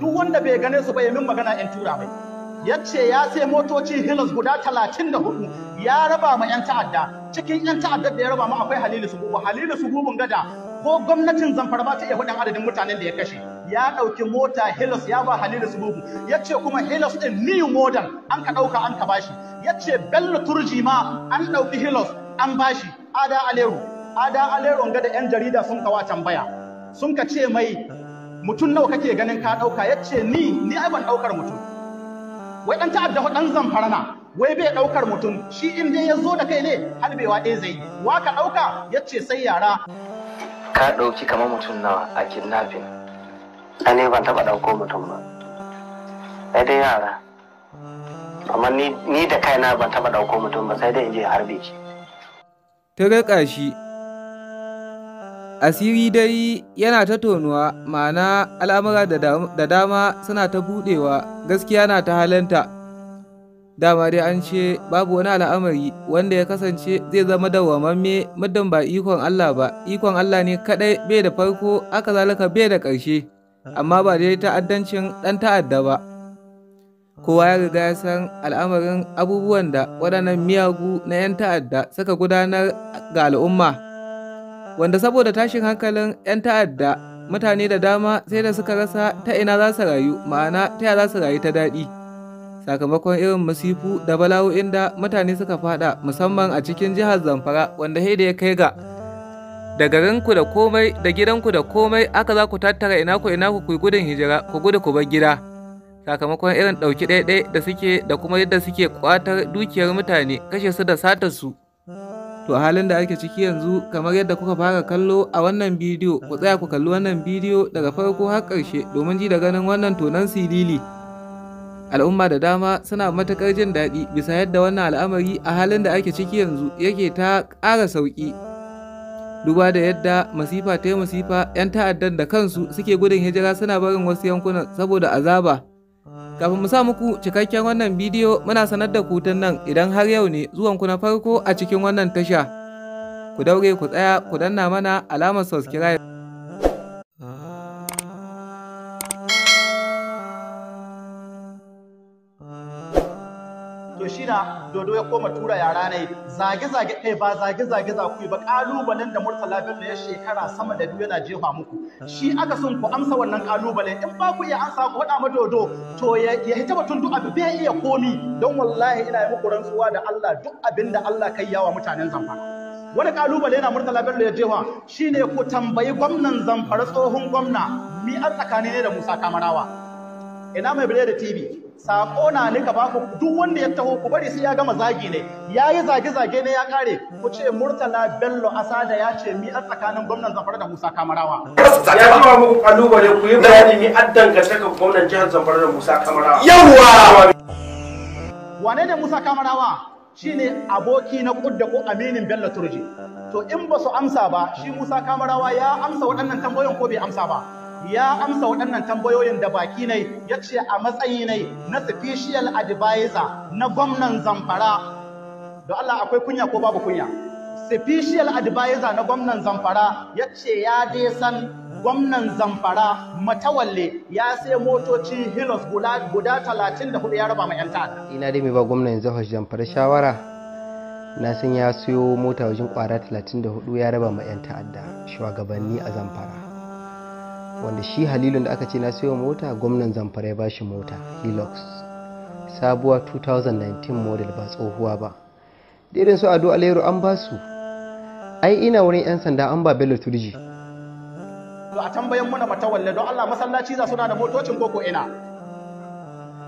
duk wanda bai gane su ba ya min magana yan tura mai yace ya sai motoci hilas guda talatin da hudu. ya raba ma yan ta'adda cikin yan ta'addar da ya raba ma akwai Halilu Sububu Halilu Sububun gada ko gwamnatin Zamfara ba ta iya hudun adadin mutanen da ya kashe ya ɗauki mota Hilas ya ba Halilu Sububu yace kuma Hilas ɗin new model an ka ɗauka an ka bashi yace Bello Turji ma an ɗauki Hilas an bashi Ada Alero Ada Alero gada yan jarida sun kawa tambaya sun ka ce mai mutum nawa kake ganin ka ɗauka ya ce ni ni ai ban ɗaukar mutum wai ɗan ta'adda ɗan zamfarana. wai bai ɗaukar mutum shi in dai ya zo da kai ne halbewa ɗaya zai wa ka ɗauka ya ce sai yara ka ɗauki kamar mutum nawa a kidnapping ai ne ban taɓa ɗauko mutum ba sai dai yara amma ni da kaina ban taɓa ɗauko mutum ba sai dai in je harbe shi ta ga shi asiri dai yana ta tonuwa ma'ana al'amura da dama suna ta buɗewa gaskiya na ta halanta dama dai an ce babu wani al'amari wanda ya kasance zai zama dawwamamme muddin ba ikon Allah ba ikon Allah ne kadai bai da farko aka zalika bai da ƙarshe amma ba dai ta'addancin ɗan ta'adda ba kowa ya riga ya san al'amarin abubuwan da waɗannan miyagu na 'yan ta'adda suka gudanar ga al'umma wanda saboda tashin hankalin 'yan ta'adda mutane da dama sai da suka rasa ta ina za su rayu ma'ana ta ya za su rayu ta daɗi sakamakon irin masifu da bala'o'in da mutane suka fada musamman a cikin jihar zamfara wanda haida ya kai ga da garinku da komai da gidanku da komai aka za ku tattara ina ku ina ku gudun hijira ku gudu ku bar gida sakamakon irin ɗauki ɗaiɗai da suke da kuma yadda suke kwatar dukiyar mutane kashe su da satar su To halin da ake ciki yanzu kamar yadda kuka fara kallo a wannan bidiyo ku tsaya ku kalli wannan bidiyo daga farko har ƙarshe domin ji da ganin wannan tonan silili. Al'umma da dama suna matuƙar jin daɗi bisa yadda wannan al'amari a halin da ake ciki yanzu yake ta ƙara sauƙi. Duba da yadda masifa ta yi masifa 'yan ta'addan da kansu suke gudun hijira suna barin wasu yankunan saboda azaba. Kafin mu sa muku cikakken wannan bidiyo muna sanar da kutun nan idan har yau ne zuwanku na farko a cikin wannan tasha. Ku daure ku tsaya ku danna mana alamar subscribe. Madina dodo ya koma tura yara ne zage-zage ɗaya ba zage-zage za ku yi ba kalubalen da murtala bello ya shekara sama da biyu yana jefa muku shi aka sun ku amsa wannan ƙalubalen in ba ku iya amsa ku hada ma dodo to ya hita batun duk abu bai iya komi don wallahi ina yi muku rantsuwa da Allah duk abin da Allah kai yawa mutanen zamfa wani kalubale yana murtala bello ya jewa shine ku tambayi gwamnan zamfara tsohon gwamna mi an tsakani ne da musa kamarawa ina mai bire da tv sako na ni gaba ku duk wanda ya taho ku bari sai ya gama zagi ne yayi zage zage ne ya kare ku ce Murtala Bello Asada ya ce mi a tsakanin gwamnan Zamfara da Musa Kamarawa ya ma muku kalubale ku yi bayani mi addan ga saka gwamnan jihar Zamfara da Musa Kamarawa yawa wane ne Musa Kamarawa shine aboki na kudda ko aminin Bello Turji to in ba su amsa ba shi Musa Kamarawa ya amsa waɗannan tambayoyin ko bai amsa ba ya amsa waɗannan tambayoyin da baki ne ya ce a matsayi ne na special advisor na gwamnan zamfara da Allah akwai kunya ko babu kunya special advisor na gwamnan zamfara ya ce ya dai san gwamnan zamfara matawalle ya sai motoci hilos guda talatin da ya raba ma 'yan ta'adda ina dai mai ba gwamnan zamfara shawara na san ya siyo mota wajen kwara 34 ya raba ma 'yan ta'adda shugabanni a zamfara wanda shi halilun da aka ce na siyo mota gwamnan zamfara ya ba shi mota hilux sabuwa 2019 model ba tsohuwa ba da su ado alero an ba su ai ina wurin 'yan sanda an ba bello turji A a tambayin muna matawalle don allah masallaci za suna da motocin koko ina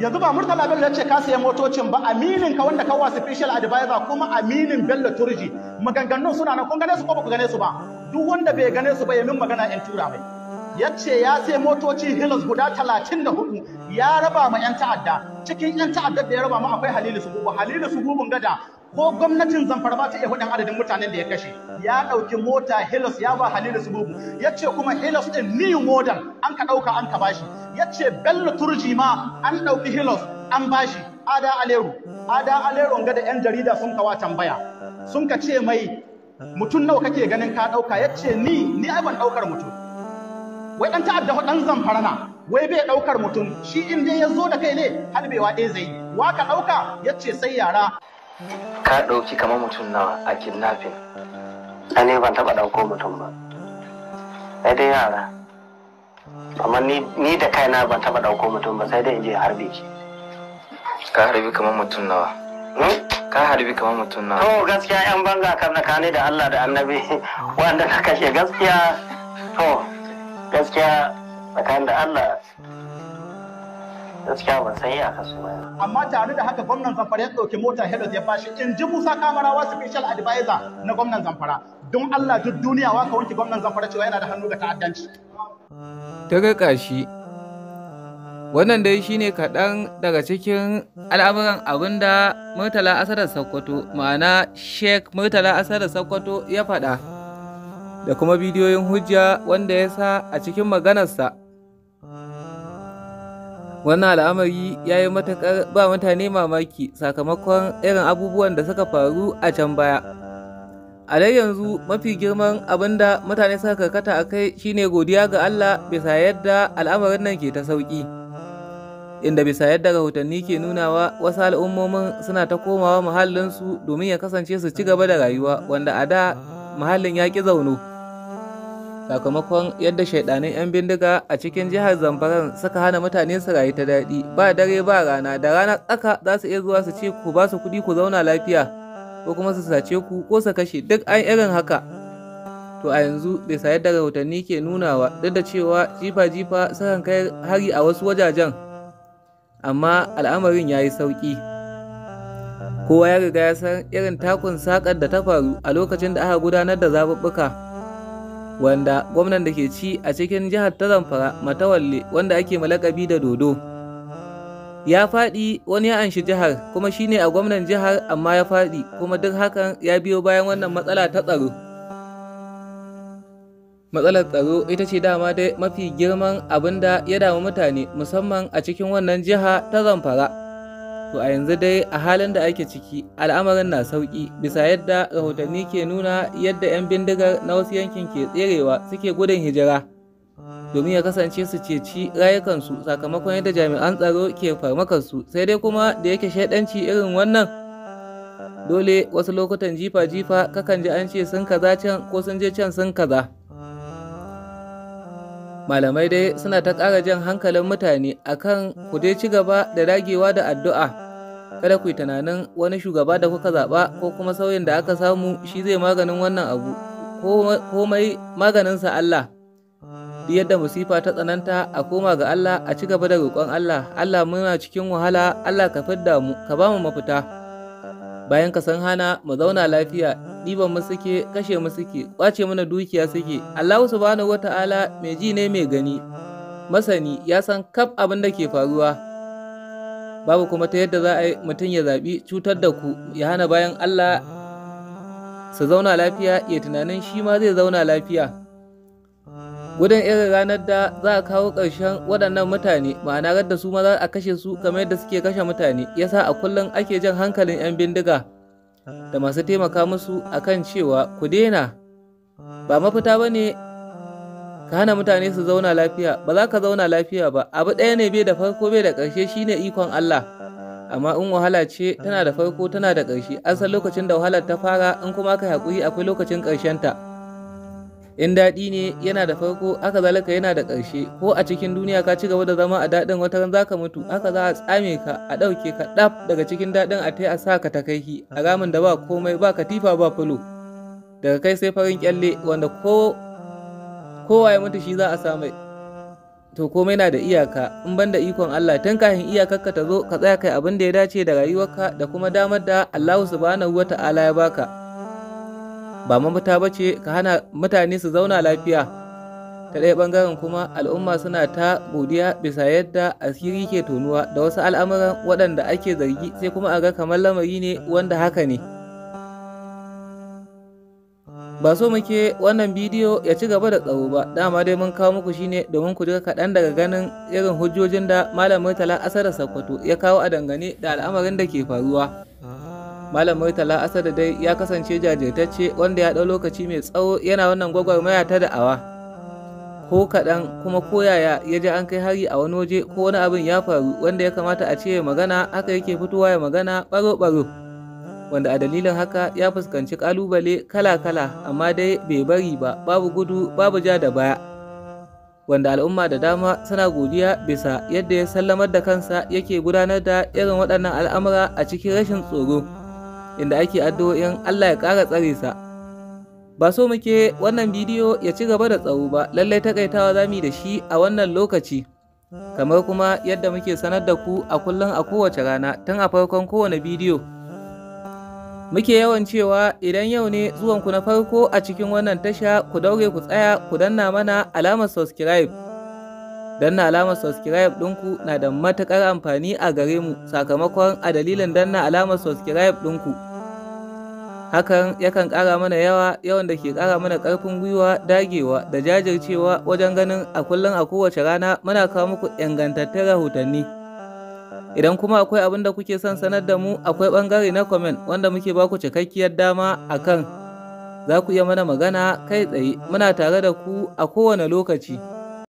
yanzu ba murtala bello ya ce ka sayi motocin ba aminin ka wanda kawo special advisor kuma aminin bello turji maganganun suna nan kun gane su ko ba ku gane su ba duk wanda bai gane su ba ya min magana 'yan tura mai yace ya sai motoci hilas guda talatin da hudu ya raba ma 'yan ta'adda cikin 'yan ta'adda da ya raba mu akwai halilu sububu halilu sububun gada ko gwamnatin zamfara ba ta iya hudun adadin mutanen da ya kashe ya ɗauki mota hilas ya ba halilu sububu ya ce kuma hilas ɗin new modern an ka ɗauka an ka bashi ya ce bello turji ma an ɗauki hilas an bashi ada aleru ada aleru ga 'yan jarida sun kawa tambaya sun ka ce mai mutum nawa kake ganin ka ɗauka ya ce ni ni ai ban ɗaukar mutum wai ɗan ta'adda ho dan zamfarana wai bai ɗaukar mutum shi in dai ya zo da kai ne harbewa ɗaya zai wa ka Ya ce sai yara ka ɗauki kamar mutum nawa a kidnapping a ne ban taɓa ɗauko mutum ba sai dai yara amma ni da kaina ban taɓa ɗauko mutum ba sai dai in je harbe ki ka harbi kamar mutum nawa hmm? ka harbi kamar mutum nawa to gaskiya yan banga kan na kane da Allah da annabi wanda na kashe gaskiya to gaskiya tsakanin da Allah gaskiya ba san ya kasu ba amma tare da haka gwamnan zamfara ya ɗauki mota helos ya bashi in ji musa kamarawa special advisor na gwamnan zamfara don Allah duk duniya waka wanke gwamnan zamfara cewa yana da hannu ga ta'addanci ta rika shi wannan dai shine kaɗan daga cikin al'amuran abin da murtala asarar sokoto ma'ana sheik murtala asarar sokoto ya faɗa da kuma bidiyoyin hujja wanda ya sa a cikin maganarsa wannan al'amari ya yi matuƙar ba mutane mamaki sakamakon irin abubuwan da suka faru a can baya a dai yanzu mafi girman abin da mutane suka karkata a kai shi ne godiya ga allah bisa yadda al'amarin nan ke ta sauƙi inda bisa yadda rahotanni ke nunawa wasu al'ummomin suna ta komawa muhallinsu domin ya kasance su ci gaba da rayuwa wanda a da muhallin ya ƙi zauno sakamakon yadda shaidanin 'yan bindiga a cikin jihar zamfara suka hana mutane su rayu ta daɗi ba dare ba rana da rana tsaka za su iya zuwa su ce ku ba su kuɗi ku zauna lafiya ko kuma su sace ku ko su kashe duk an irin haka to a yanzu bai bisa yadda rahotanni ke nunawa duk da cewa jifa jifa sukan kai hari a wasu wajajen amma al'amarin ya yi sauƙi kowa ya riga ya san irin takun sakar da ta faru a lokacin da aka gudanar da zaɓuɓɓuka wanda gwamnan da ke ci a cikin jihar ta zamfara matawalle wanda ake malakabi da dodo ya faɗi wani ya anshi jihar kuma shine a gwamnan jihar amma ya faɗi kuma duk hakan ya biyo bayan wannan matsala ta tsaro matsalar tsaro ita ce dama dai mafi girman abinda ya damu mutane musamman a cikin wannan jiha ta zamfara To a yanzu dai a halin da ake ciki al'amarin na sauki bisa yadda rahotanni ke nuna yadda 'yan bindigar na wasu yankin ke tserewa suke gudun hijira domin ya kasance su ceci rayukansu sakamakon yadda jami'an tsaro ke farmakarsu sai dai kuma da yake shaidanci irin wannan dole wasu lokutan jifa-jifa kakan ji an ce sun kaza can ko sun je can sun kaza. malamai dai suna ta ƙara jan hankalin mutane akan ku dai ci gaba da dagewa da addu'a kada ku yi tunanin wani shugaba da kuka zaɓa ko kuma sauyin da aka samu shi zai maganin wannan abu komai maganinsa Allah duk yadda musifa ta tsananta a koma ga Allah a ci gaba da roƙon Allah Allah muna cikin wahala Allah ka fidda mu ka ba mu mafita bayan ka san hana mu zauna lafiya ɗiban mu suke kashe mu suke kwace mana dukiya suke Allahu subhanahu wata'ala mai ji ne mai gani masani ya san kaf abin da ke faruwa babu kuma ta yadda za a yi mutum ya zaɓi cutar da ku ya hana bayan Allah su zauna lafiya ya tunanin shi ma zai zauna lafiya gudun irin ranar da za a kawo ƙarshen waɗannan mutane ma'ana radda su maza a kashe su kamar yadda suke kashe mutane yasa a kullum ake jan hankalin 'yan bindiga da masu taimaka musu akan cewa ku daina ba mafita ba ne ka hana mutane su zauna lafiya ba za ka zauna lafiya ba abu ɗaya ne bai da farko bai da ƙarshe shine ikon Allah amma in wahala ce tana da farko tana da ƙarshe an san lokacin da wahalar ta fara in kuma ka haƙuri akwai lokacin ƙarshenta ta in daɗi ne yana da farko aka zalaka yana da ƙarshe ko a cikin duniya ka ci gaba da zama a daɗin wata ran zaka mutu aka za a tsame ka a ɗauke ka ɗaf daga cikin daɗin a tai a sa ka takaihi a ramin da ba komai ba katifa ba fulo daga kai sai farin kyalle wanda ko kowa ya mutu shi za a samai to komai na da iyaka in ban da ikon Allah tun kafin iyakarka ta zo ka tsaya kai abin da ya dace da rayuwarka da kuma damar da Allah subhanahu wata'ala ya baka ba mafita ba ce ka hana mutane su zauna lafiya ta ɗaya ɓangaren kuma al'umma suna ta godiya bisa yadda asiri ke tonuwa da wasu al'amuran waɗanda ake zargi sai kuma a ga kamar lamari ne wanda haka ne ba so muke wannan bidiyo ya ci gaba da tsaro ba dama dai mun kawo muku shine domin ku duka kaɗan daga ganin irin hujjojin da malam murtala asarar sakkwato ya kawo a dangane da al'amarin da ke faruwa Malam Murtala da dai ya kasance jajirtacce wanda ya ɗau lokaci mai tsawo yana wannan gwagwarmaya ta da'awa. Ko kaɗan kuma koyaya ya ji an kai hari a wani waje ko wani abin ya faru wanda ya kamata a ce magana haka yake fitowa ya magana ɓaro-ɓaro. Wanda a dalilin haka ya fuskanci ƙalubale kala-kala amma dai bai bari ba babu gudu babu ja da baya. wanda al'umma da dama suna godiya bisa yadda ya sallamar da kansa yake gudanar da irin waɗannan al'amura a cikin rashin tsoro. inda ake addu'o'in Allah ya ƙara tsare sa. Ba so muke wannan bidiyo ya ci gaba da tsawo ba, lallai takaitawa za da shi a wannan lokaci. Kamar kuma yadda muke sanar da ku a kullum a kowace rana tun a farkon kowane bidiyo. Muke yawan cewa idan yau ne zuwanku na farko a cikin wannan tasha ku daure ku tsaya ku danna mana alamar subscribe. danna alamar subscribe ɗinku na da matuƙar amfani a gare mu sakamakon a dalilin danna alamar subscribe ɗinku. hakan yakan ƙara mana yawa yawan da ke ƙara mana ƙarfin gwiwa dagewa da jajircewa wajen ganin a kullum a kowace rana muna kawo muku ingantattun rahotanni idan kuma akwai abin da kuke son sanar da mu akwai ɓangare na comment wanda muke baku cikakkiyar dama a kan za ku iya mana magana kai tsaye muna tare da ku a kowane lokaci.